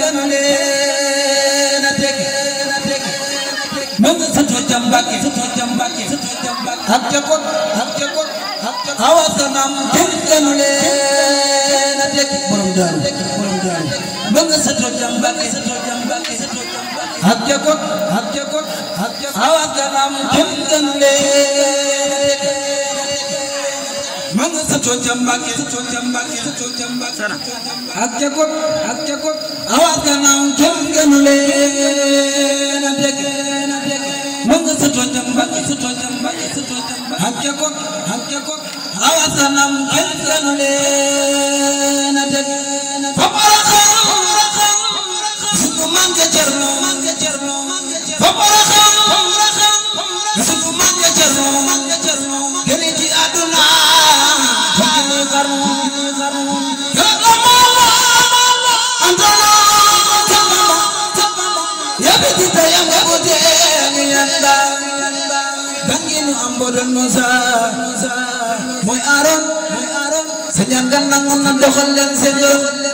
danu leen a teg bëgg sëtoo ca Mbàkke sëtoo ca Mbàkke sëtoo ca Mbàkke ak ca kon ak ca kon ak ca awa sanam teg danu leen a teg borom daaru borom daaru bëgg sëtoo ca Mbàkke sëtoo ca Mbàkke sëtoo ca Mbàkke ak ca kon ak ca kon ak ca awa sanam teg danu leen ma nga sa cocca Mbàkke ak ca kot ak ca kot awa gannaaw jom gënu leen a dégg ma nga sa cocca Mbàkke ak ca kot ak ca kot awa gannaaw jom gënu leen a dégg foppa raxam suku man nga cerno foppa raxam suku man nga cerno don Musa Musa mooy Aaron mooy Aaron sa ñaan nga nangoon na doxal leen seen yoon